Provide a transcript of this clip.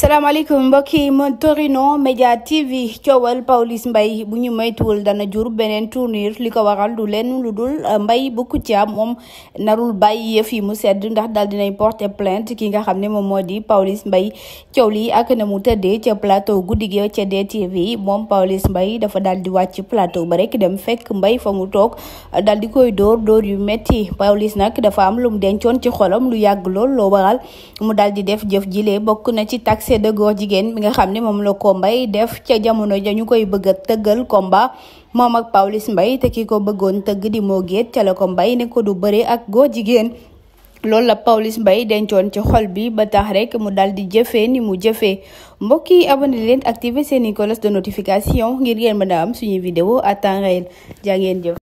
salaamaaleykum mbokki Torino Media TV coowal Pawlish Mbaye bu ñu moytuwul dana jur beneen tournure li ko waral du lenn lu dul euh, Mbaye bu Kouthia moom narul bàyyi yëf yi mu sedd ndax daal dinay porté plainte ki nga xam ne moom moo di Pawlish mbay coow li ak na mu tëddee ca plateau guddi gi ca DTV moom Pawlish Mbaye dafa daal di wàcc plateau ba rek dem fekk mbay fa mu toog daal di koy dóor door yu metti Pawlish nag dafa am lu mu dencoon ci xolam lu yàgg lool loo waral mu daal di def jëf jile bokk na ci taxi te de góor jigéen bi nga xam ne moom la ko mbay def ca jamono ja ñu koy bëgg a tëggal combat moom ak Pawlish mbay te ki ko bëggoon tëgg di moo géet ca la ko mbay ne ko du bëre ak góor jigéen loolu la pawlis mbay dencoon ci xol bi ba tax rek mu dal di jëfee ni mu jëfee mbokk yi abonné leen activer seeni cloche de notification ngir ngeen mën a am suñuy vidéo à temps réel jaa ngeen jëf